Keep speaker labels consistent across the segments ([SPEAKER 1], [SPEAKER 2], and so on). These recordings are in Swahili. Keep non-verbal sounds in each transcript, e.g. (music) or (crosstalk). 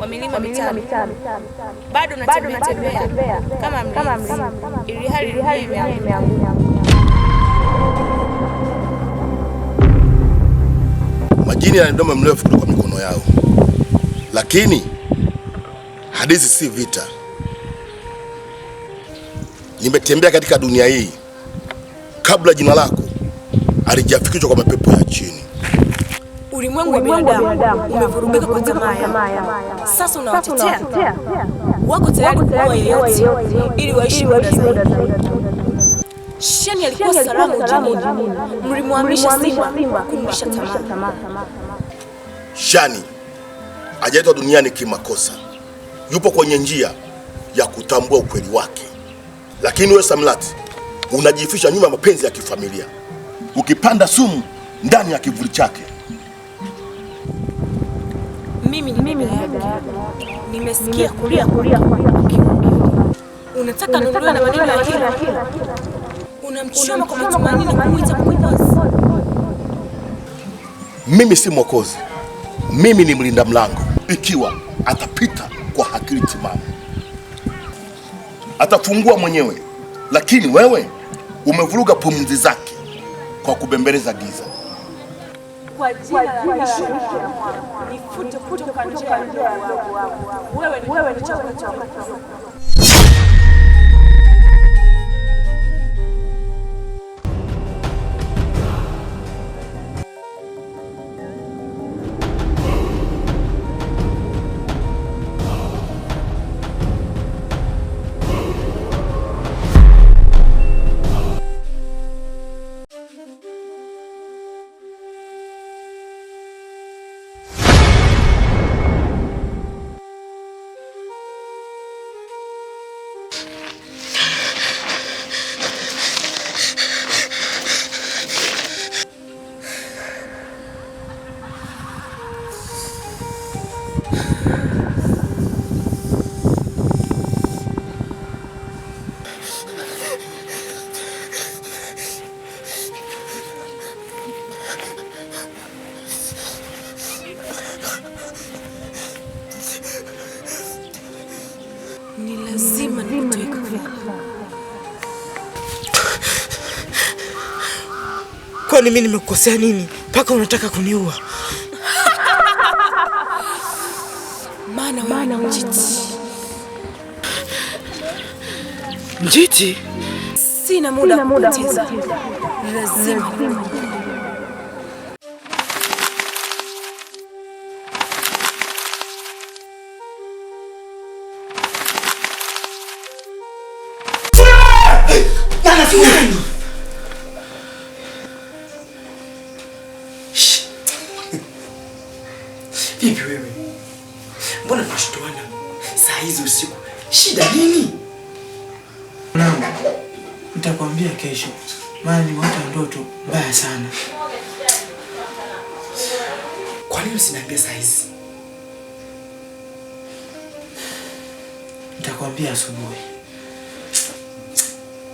[SPEAKER 1] wa milima mitano bado natembea kama mlinzi, ili hali dunia imeanguka. Majini yana mdomo mrefu kuliko mikono yao, lakini hadithi si vita. Nimetembea katika dunia hii kabla jina lako alijafikishwa kwa mapepo ya chini.
[SPEAKER 2] Ulimwengu wa binadamu umevurugika kwa tamaa. Sasa unawatetea wako tayari kuwa yeyote ili waishi muda zaidi. Shani alikuwa salama ujanini, mlimwamrisha simba kumwisha tamaa.
[SPEAKER 1] Shani hajaitwa duniani kimakosa yupo kwenye njia ya kutambua ukweli wake, lakini wewe Samlat unajificha nyuma ya mapenzi ya kifamilia, ukipanda sumu ndani ya kivuli chake.
[SPEAKER 2] Mimi mimi nimesikia kulia kulia, unataka nunua na maneno ya kila unamchoma kwa matumaini na kumuita mwokozi.
[SPEAKER 1] Mimi si mwokozi, mimi ni mlinda mlango. Ikiwa atapita kwa akili timamu atafungua mwenyewe, lakini wewe umevuruga pumzi zake kwa kubembeleza giza.
[SPEAKER 2] Kwa jina la Yesu, nifute kutoka njia ya ndugu wangu. Wewe ni wewe ni chakula cha
[SPEAKER 3] kwani mimi nimekukosea nini mpaka unataka kuniua?
[SPEAKER 2] Mana, maana mjiti mjiti, sina muda kupoteza, lazima
[SPEAKER 3] Hivi wewe mbona tunashtuana saa hizi usiku, shida nini? Mwanangu, nitakwambia kesho, maana nimeota ndoto mbaya sana. Kwa nini usiniambia saa hizi? Nitakwambia asubuhi.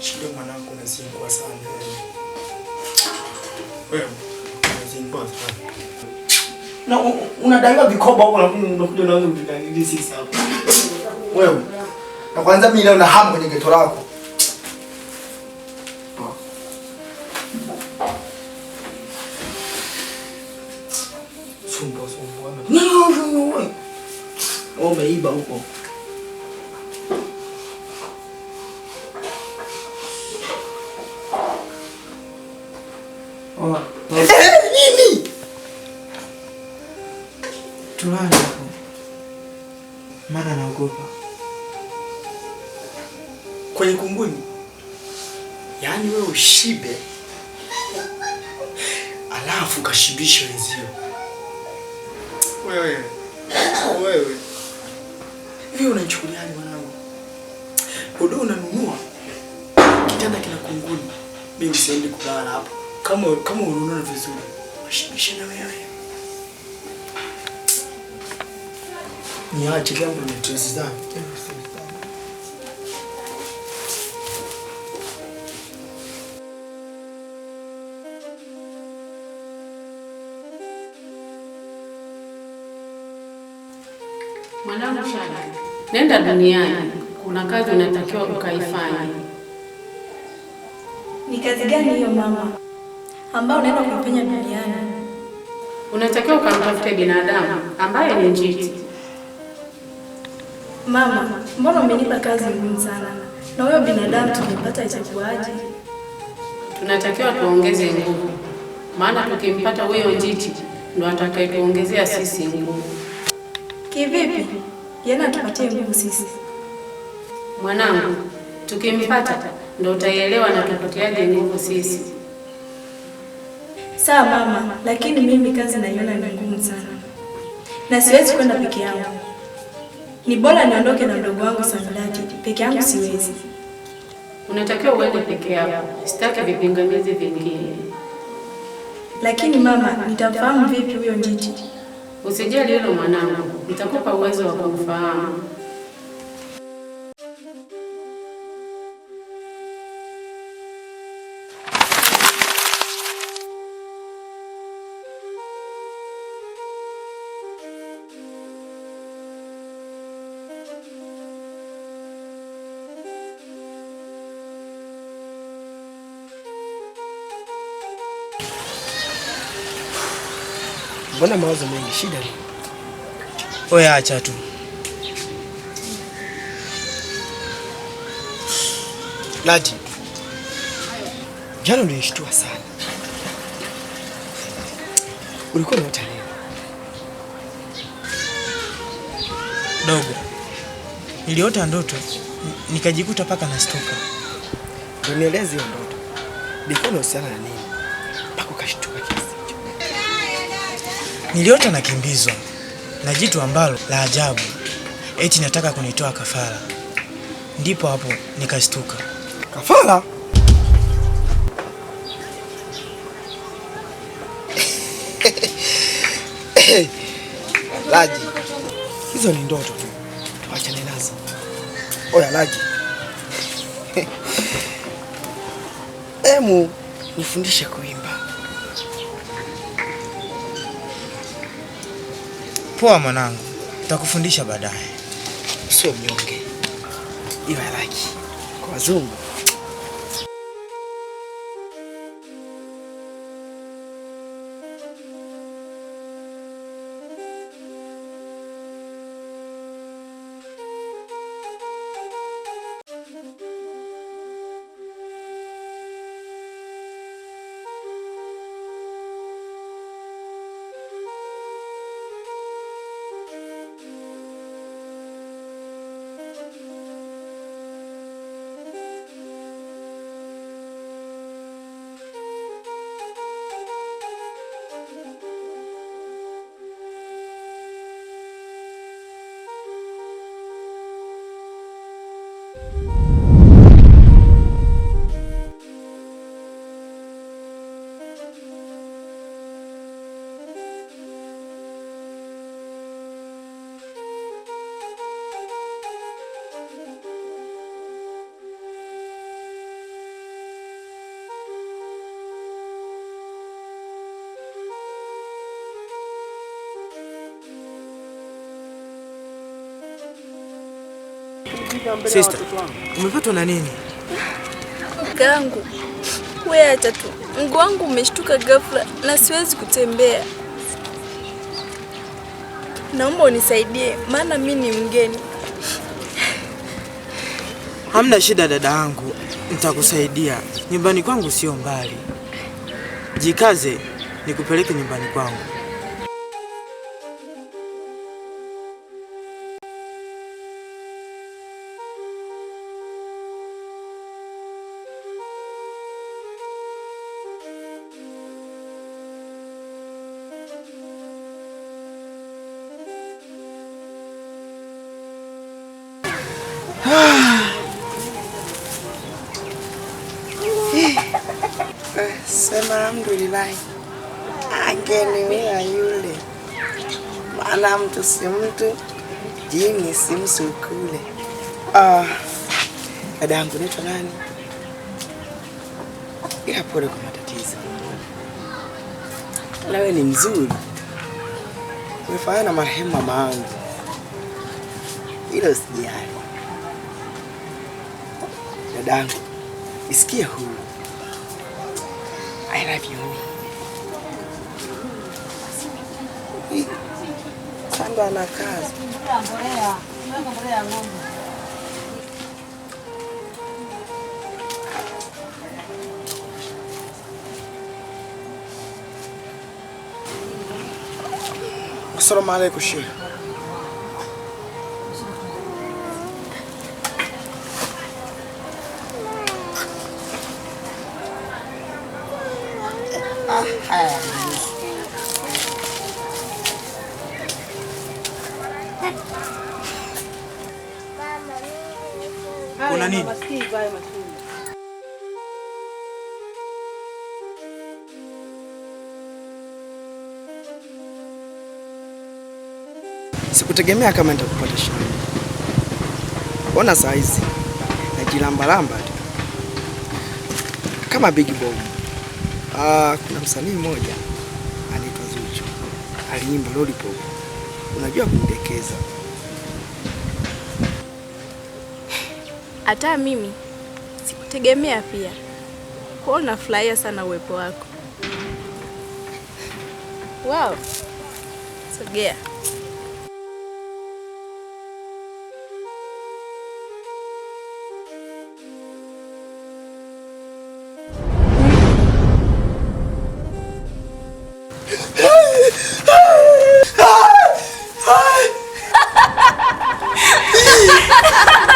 [SPEAKER 3] Shida mwanangu, unazingua sana wewe, unazingua sana na unadaiwa vikoba huko na unakuja unaanza kupigania sisi hapa. Wewe. Na kwanza mimi leo na hamu kwenye geto lako. Sumbo sumbo. No no no. Wewe. Umeiba huko. Oh. oh fulani hapo, maana naogopa kwenye kunguni. Yaani wewe ushibe alafu kashibisha wenzio. Wewe wewe, hivi unanichukuliaje mwanangu? Bodo unanunua kitanda kina kunguni, mimi siendi kulala hapo. Kama kama unaona vizuri, washibisha na wewe niache jambo nenda duniani, kuna kazi unatakiwa ukaifanya. Ni kazi gani hiyo mama, ambayo unaenda kuifanya duniani? Unatakiwa ukamtafute binadamu ambaye ni njiti Mama, mbona umenipa kazi ngumu sana? Na huyo binadamu tumepata itakuwaje? Tunatakiwa tuongeze nguvu, maana tukimpata huyo njiti ndo atakayetuongezea sisi nguvu. Kivipi? Yana tupatie nguvu sisi? Mwanangu, tukimpata ndo utaielewa na tupatiaje nguvu sisi. Sawa mama, lakini mimi kazi naiona ni ngumu sana na siwezi kwenda peke yangu. Ni bora niondoke na mdogo wangu Samdati, peke yangu siwezi. Unatakiwa uende peke yako, sitaki vipingamizi vingine. Lakini mama, nitamfahamu vipi huyo njiti? Usijali hilo mwanangu, nitakupa uwezo wa kumfahamu. Mbona mawazo mengi, shida ni? Oya, acha tu. Lati, jana nilishtua sana. Ulikuwa unaota nini? Dogo, niliota ndoto nikajikuta paka na stoka. Unieleze hiyo ndoto ilikuwa inahusiana na nini? Niliota nakimbizwa na jitu ambalo la ajabu, eti nataka kunitoa kafara. Ndipo hapo nikastuka. Kafara? Laji, hizo ni ndoto tu, wachane nazo. Oya Laji, emu nifundishe kuimba. Poa mwanangu, nitakufundisha baadaye. Sio mnyonge, iwe kwa wazungu. Sister, umepatwa na nini? Kangu, wewe acha tu. Mguu wangu umeshtuka ghafla na siwezi kutembea. Naomba unisaidie maana mimi ni mgeni. Hamna shida dada yangu, nitakusaidia. Nyumbani kwangu sio mbali. Jikaze nikupeleke nyumbani kwangu. Nasema alhamdulilahi, angeniwea yule maana mtu si mtu, jini si msukule. Ah, dada yangu naitwa nani? Ila pole kwa matatizo, nawe ni mzuri, umefanana na marehemu mama yangu, isikie huu I love you. Sando ana kazi. Assalamu alaikum Sheikh. Kuna nini? Sikutegemea kama nitakupata shamba. Ona saa hizi najilambalamba tu kama big bomb. Ah, kuna msanii mmoja anaitwa Zuchu, aliimba Lollipop. Unajua kumdekeza hata mimi sikutegemea pia. hiyo nafurahia sana uwepo wako. Wow, sogea. (laughs)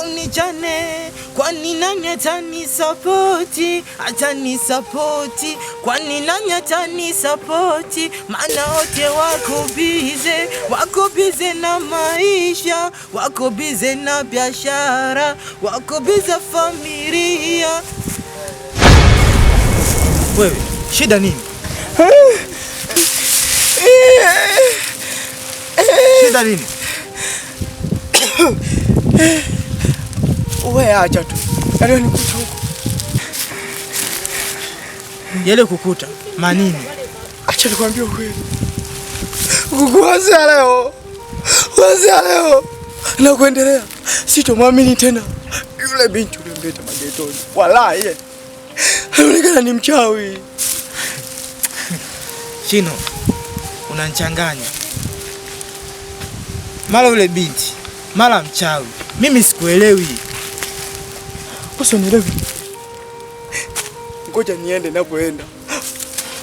[SPEAKER 3] Unijane nani atanisapoti, atanisapoti? Kwani nani atanisapoti? Maana wote wako bize, wako bize na maisha, wako bize na biashara, wako bize familia. Wewe shida nini? shida nini? (coughs) We acha tu yale kukuta manini? Acha nikwambie ukweli. Kukuanzia leo. Kuanzia leo na kuendelea sitomwamini tena yule binti uliyemleta magetoni. Wallahi. Anaonekana ni mchawi. Chino, unanchanganya Mara yule binti, mara mchawi. Mimi sikuelewi. Kosa nielewi. Ngoja niende napoenda.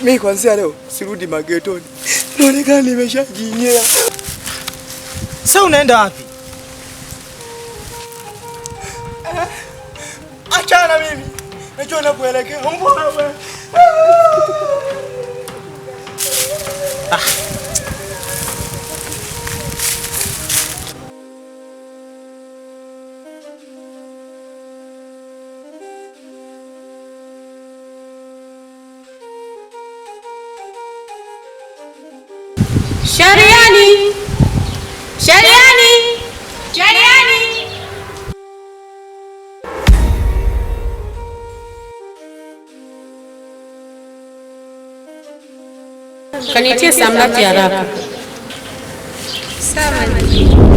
[SPEAKER 3] Mimi kwanza leo sirudi magetoni. Naonekana nimeshajinyea. Sasa unaenda wapi? Achana mimi. Najua wewe? Ah. Shariani, Shariani, Shariani. Kanitie samlati haraka. Sawa.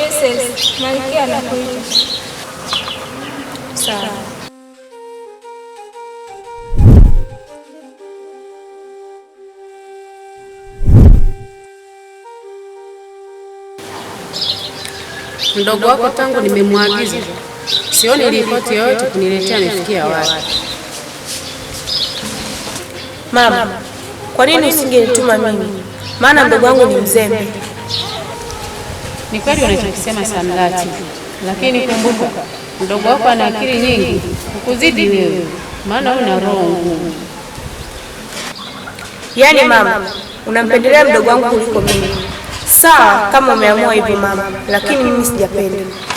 [SPEAKER 3] Princess, malkia anakuita. Sawa. Mdogo wako tangu nimemwagiza sioni ripoti yoyote kuniletea. Amefikia wapi? Mama, kwa nini usingenituma mimi? Maana mdogo wangu ni mzembe. Ni kweli unachokisema Samlati, lakini kumbuka mdogo wako ana akili nyingi ukuzidi wewe, maana una roho ngumu. Yaani mama, unampendelea mdogo wangu kuliko mimi. Sawa, kama umeamua hivyo mama, lakini mimi sijapenda.